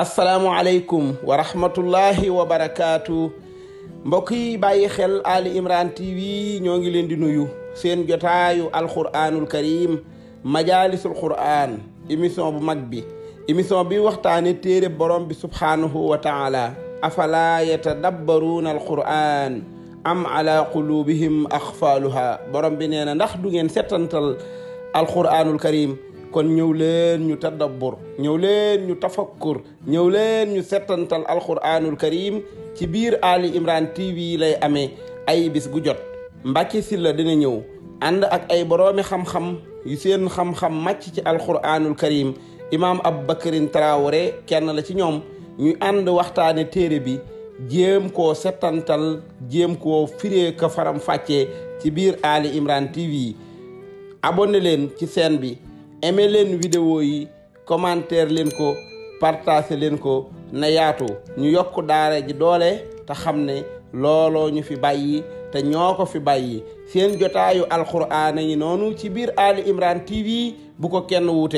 asalaamualeykum wa rahmatullahi wa barakaatu mbokk yi bàyyi xel Ali Imran TV ñoo ngi leen di nuyu seen jotaayu alquranul karim majaalisul quran émission bu mag bi émission bi waxtaane téere borom bi subhaanahu wa taala afala yatadabbaruuna alquran am ala qulubihim axfaaluha borom bi nee na ndax du ngeen settantal alquranul karim kon ñëw leen ñu tadabbur ñëw leen ñu tafakkur ñëw leen ñu setantal alquranul karim ci biir Ali Imran TV lay amee ay bis gu jot Mbàkke Sylla dina ñëw ànd ak ay boroomi xam-xam yu seen xam-xam màcc ci alquranul karim imaam Aboubacarine Traoré kenn la ci ñoom ñu ànd waxtaane téere bi jéem ko setantal jéem ko firee ka faram fàccee ci biir Ali Imran TV abonné leen ci seen bi aimé leen vidéo yi commentaire leen ko partagé leen ko na yaatu ñu yokk daara ji doole te xam ne looloo ñu fi bàyyi te ñoo ko fi bàyyi seen jotaayu alxuraan a ngi noonu ci biir Ali Imran TV bu ko kenn wuute